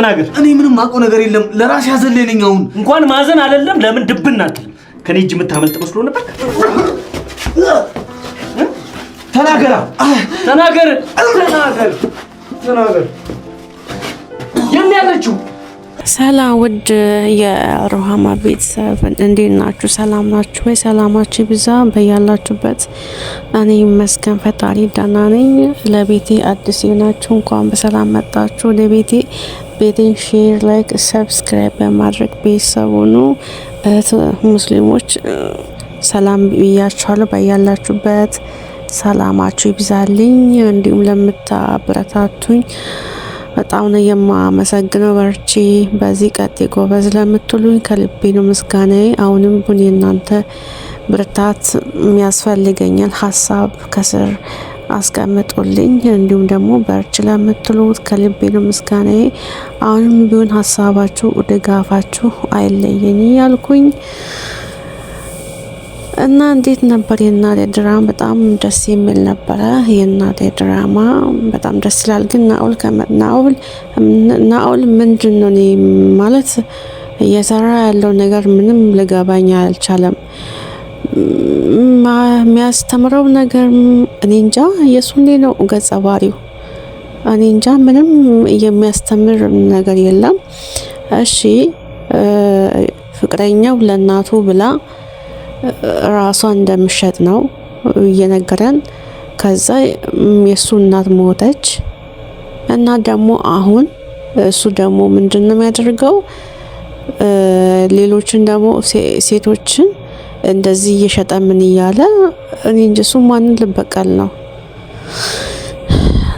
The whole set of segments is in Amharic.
ተናገር። እኔ ምንም አውቀው ነገር የለም። ለራሴ ያዘን ነኝ። አሁን እንኳን ማዘን አይደለም። ለምን ድብ አትልም? ከኔ እጅ የምታመልጥ መስሎ ነበር። ተናገራ ተናገር፣ ተናገር፣ ተናገር። የምን ያለችው ሰላም ውድ የሮሃማ ቤተሰብ እንዴት ናችሁ? ሰላም ናችሁ ወይ? ሰላማችሁ ብዛ በያላችሁበት። እኔ ይመስገን ፈጣሪ ደህና ነኝ። ለቤቴ አዲስ ናችሁ፣ እንኳን በሰላም መጣችሁ። ለቤቴ ቤቴን ሼር፣ ላይክ፣ ሰብስክራይብ በማድረግ ቤተሰብ ሆኑ። እህት ሙስሊሞች ሰላም ብያችኋለሁ። በያላችሁበት ሰላማችሁ ይብዛልኝ። እንዲሁም ለምታበረታቱኝ በጣም ነው የማመሰግነው። በርቺ፣ በዚህ ቀጥ ጎበዝ ለምትሉኝ ከልቤ ነው ምስጋናዬ። አሁንም ቡኔ እናንተ ብርታት የሚያስፈልገኛል። ሀሳብ ከስር አስቀምጡልኝ። እንዲሁም ደግሞ በርች ለምትሉት ከልቤ ነው ምስጋናዬ። አሁንም ቢሆን ሀሳባችሁ ድጋፋችሁ አይለየኝ እያልኩኝ እና እንዴት ነበር የእናቴ ድራማ? በጣም ደስ የሚል ነበረ የእናቴ ድራማ በጣም ደስ ይላል። ግን ናኦል ከመናኦል ናኦል ምንድን ነው ማለት እየሰራ ያለው ነገር ምንም ልገባኝ አልቻለም። የሚያስተምረው ነገር እኔ እንጃ። የሱኔ ነው ገጸ ባህሪው። እኔ እንጃ ምንም የሚያስተምር ነገር የለም። እሺ ፍቅረኛው ለእናቱ ብላ ራሷን እንደምሸጥ ነው እየነገረን። ከዛ የእሱ እናት ሞተች እና ደግሞ አሁን እሱ ደግሞ ምንድን ነው የሚያደርገው? ሌሎችን ደግሞ ሴቶችን እንደዚህ እየሸጠ ምን እያለ እኔ እንጂ እሱ ማንን ልበቀል ነው?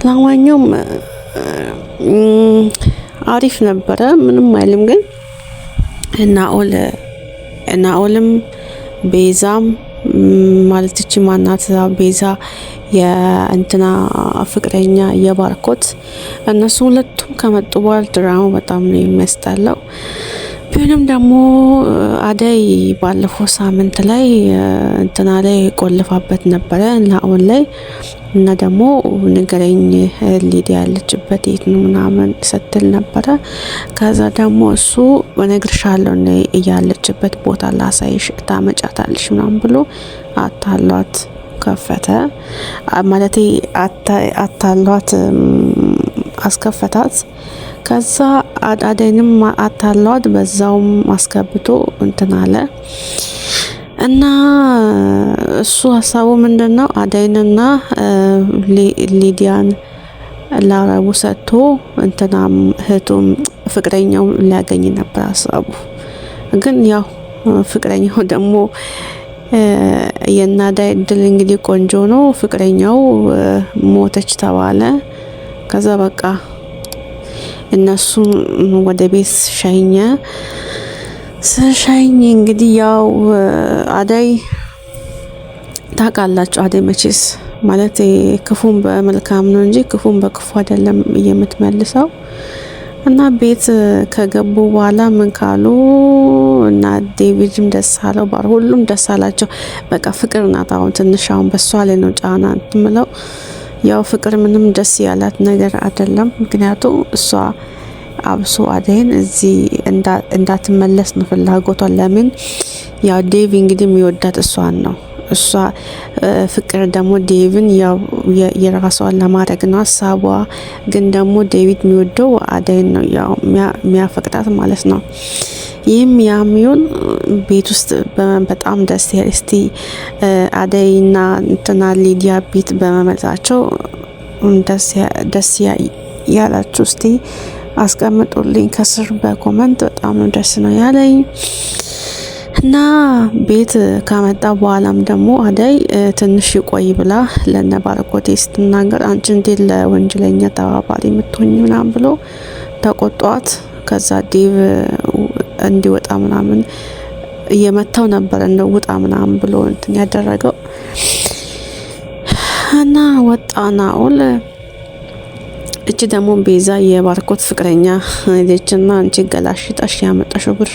ለማንኛውም አሪፍ ነበረ፣ ምንም አይልም። ግን እና ናኦልም ቤዛም ማለት እቺ ማናት ቤዛ የእንትና ፍቅረኛ የባርኮት እነሱ ሁለቱም ከመጡ በኋላ ድራማው በጣም ነው የሚያስጠላው። ቢሆንም ደግሞ አደይ ባለፈው ሳምንት ላይ እንትና ላይ ቆልፋበት ነበረ አሁን ላይ እና ደግሞ ንገረኝ ሊዲ ያለችበት የት ነው ምናምን ስትል ነበረ። ከዛ ደግሞ እሱ በነግርሻለሁ እያለችበት ቦታ ላሳይሽ ታመጫታለሽ ምናምን ብሎ አታሏት ከፈተ ማለት አታሏት አስከፈታት። ከዛ አዳደንም አታሏት በዛውም አስገብቶ እንትን አለ እና እሱ ሀሳቡ ምንድን ነው? አዳይንና ሊዲያን ለአረቡ ሰጥቶ እንትናም እህቱም ፍቅረኛው ሊያገኝ ነበር ሀሳቡ። ግን ያው ፍቅረኛው ደግሞ የናዳይ እድል እንግዲህ ቆንጆ ነው። ፍቅረኛው ሞተች ተባለ። ከዛ በቃ እነሱ ወደ ቤት ሸኘ። ስሸኝ እንግዲህ ያው አደይ ታውቃላችሁ፣ አደይ መቼስ ማለት ክፉን በመልካም ነው እንጂ ክፉን በክፉ አይደለም የምትመልሰው። እና ቤት ከገቡ በኋላ ምን ካሉ እና ዴቪድም ደስ አለው፣ ባር ሁሉም ደስ አላቸው። በቃ ፍቅር ናት። አሁን ትንሽ አሁን በሷ ላይ ነው ጫና ምለው ያው ፍቅር ምንም ደስ ያላት ነገር አይደለም። ምክንያቱ እሷ አብሶ አደይን እዚህ እንዳትመለስ ነው ፍላጎቷ። ለምን ያው ዴቭ እንግዲህ የሚወዳት እሷን ነው። እሷ ፍቅር ደግሞ ዴቪን ያው የራሷን ለማድረግ ነው ሀሳቧ። ግን ደግሞ ዴቪድ የሚወደው አደይን ነው ያው የሚያፈቅዳት ማለት ነው። ይህም ያሚሆን ቤት ውስጥ በጣም ደስ ይላል። እስቲ ና እንትና ሊዲያ ቤት በመመጣቸው ደስ ያላችሁ እስቲ አስቀምጡልኝ ከስር በኮመንት። በጣም ነው ደስ ነው ያለኝ። እና ቤት ከመጣ በኋላም ደግሞ አደይ ትንሽ ይቆይ ብላ ለነ ባለኮቴ ስትናገር አንቺ እንዴት ለወንጀለኛ ተባባሪ የምትሆኝ ምናም ብሎ ተቆጧት። ከዛ ዴቭ እንዲወጣ ምናምን እየመታው ነበር እንደ ውጣ ምናምን ብሎ እንትን ያደረገው እና ወጣ ናኦል እች ደግሞ ቤዛ የባርኮት ፍቅረኛ ልጅና አንቺ ገላሽጣሽ ያመጣሽው ብር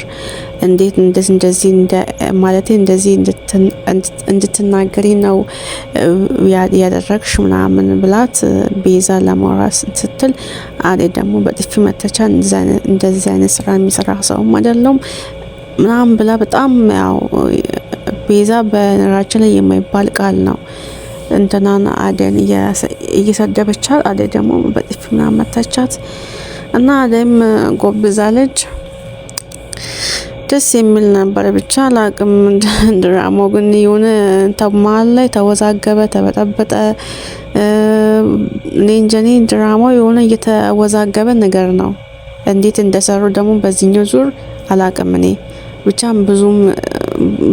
እንዴት እንደዚህ ማለት እንደዚህ እንድትናገሪ ነው ያደረግሽ ምናምን ብላት ቤዛ ለማውራት ስትል አሌ ደግሞ በጥፊ መተቻ እንደዚህ አይነት ስራ የሚሰራ ሰውም አይደለውም ምናምን ብላ በጣም ያው ቤዛ በነገራችን ላይ የማይባል ቃል ነው እንትናን አደን እየሰደበቻት አደ ደግሞ በጥፊ ምናምን መታቻት እና አደም ጎብዛለች። ደስ የሚል ነበር። ብቻ ላቅም ድራማው ግን የሆነ ተማል ላይ ተወዛገበ፣ ተበጠበጠ። ሌንጀኔ ድራማው የሆነ እየተወዛገበ ነገር ነው። እንዴት እንደሰሩ ደግሞ በዚህኛው ዙር አላቅም እኔ ብቻም ብዙም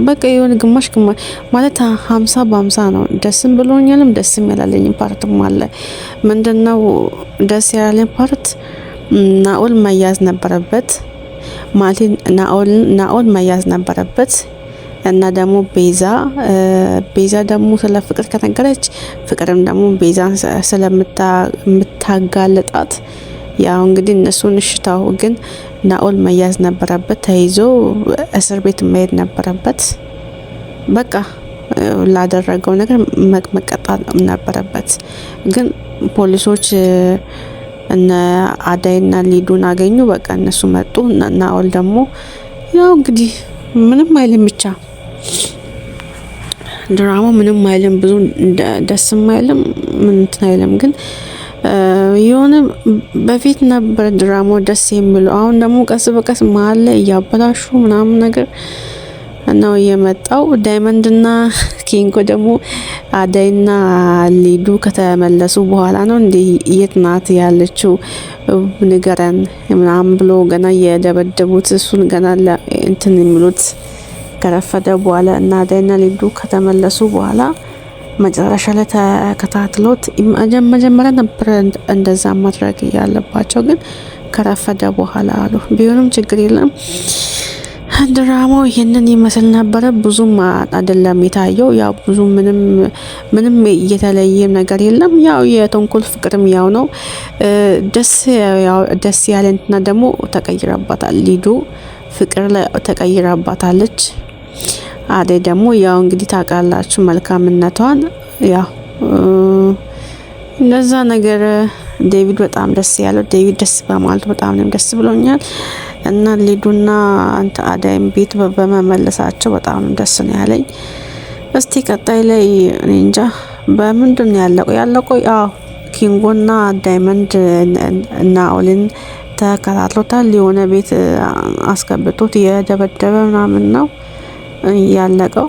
በቃ የሆነ ግማሽ ግማሽ ማለት ሀምሳ በሀምሳ ነው። ደስም ብሎኛልም ደስም ያላለኝም ፓርትም አለ። ምንድነው ደስ ያላለኝ ፓርት ናኦል መያዝ ነበረበት ማለት ናኦል መያዝ ነበረበት እና ደግሞ ቤዛ ቤዛ ደግሞ ስለ ፍቅር ከነገረች ፍቅርም ደግሞ ቤዛን ስለምታጋለጣት ያው እንግዲህ እነሱን እሽታው ግን ናኦል መያዝ ነበረበት። ተይዞ እስር ቤት መሄድ ነበረበት። በቃ ላደረገው ነገር መቀጣት ነበረበት። ግን ፖሊሶች እነ አዳይና ሊዱን አገኙ። በቃ እነሱ መጡ። ናኦል ደግሞ ያው እንግዲህ ምንም አይልም ብቻ ድራማ ምንም አይልም፣ ብዙ ደስም አይልም፣ ምንትን አይልም ግን የሆነ በፊት ነበር ድራማው ደስ የሚለው። አሁን ደግሞ ቀስ በቀስ መሀል ላይ እያበላሹ ምናምን ነገር ነው የመጣው። ዳይመንድና ኪንጎ ደግሞ አዳይና ሊዱ ከተመለሱ በኋላ ነው እንዴ የት ናት ያለችው ንገረን ምናምን ብሎ ገና የደበደቡት እሱን ገና እንትን የሚሉት ከረፈደ በኋላ እና አዳይና ሊዱ ከተመለሱ በኋላ መጨረሻ ላይ ተከታትሎት መጀመሪያ ነበር እንደዛ ማድረግ ያለባቸው፣ ግን ከረፈደ በኋላ አሉ። ቢሆንም ችግር የለም። ድራማው ይህንን ይመስል ነበረ። ብዙም አይደለም የታየው፣ ያው ብዙ ምንም ምንም የተለየ ነገር የለም። ያው የተንኮል ፍቅርም ያው ነው። ደስ ያው ያለ እንትና ደግሞ ተቀይራባታል። ሊዱ ፍቅር ላይ ተቀይራባታለች። አደይ ደግሞ ያው እንግዲህ ታውቃላችሁ መልካምነቷን ያው እንደዛ ነገር ዴቪድ በጣም ደስ ያለው ዴቪድ ደስ በማለት በጣም ነው ደስ ብሎኛል። እና ሊዱና አንተ አዳይም ቤት በመመለሳቸው በጣም ደስ ነው ያለኝ። እስቲ ቀጣይ ላይ እንጃ በምንድን ነው ያለቀው ያለቀው? ኪንጎና ዳይመንድ እና ኦሊን ተከታትሎታል። የሆነ ቤት አስገብቶት የደበደበ ምናምን ነው ያለቀው።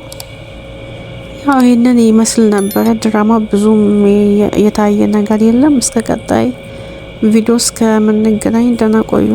ያው ይህንን ይመስል ነበረ ድራማ። ብዙም የታየ ነገር የለም። እስከ ቀጣይ ቪዲዮ እስከምንገናኝ ደህና ቆዩ።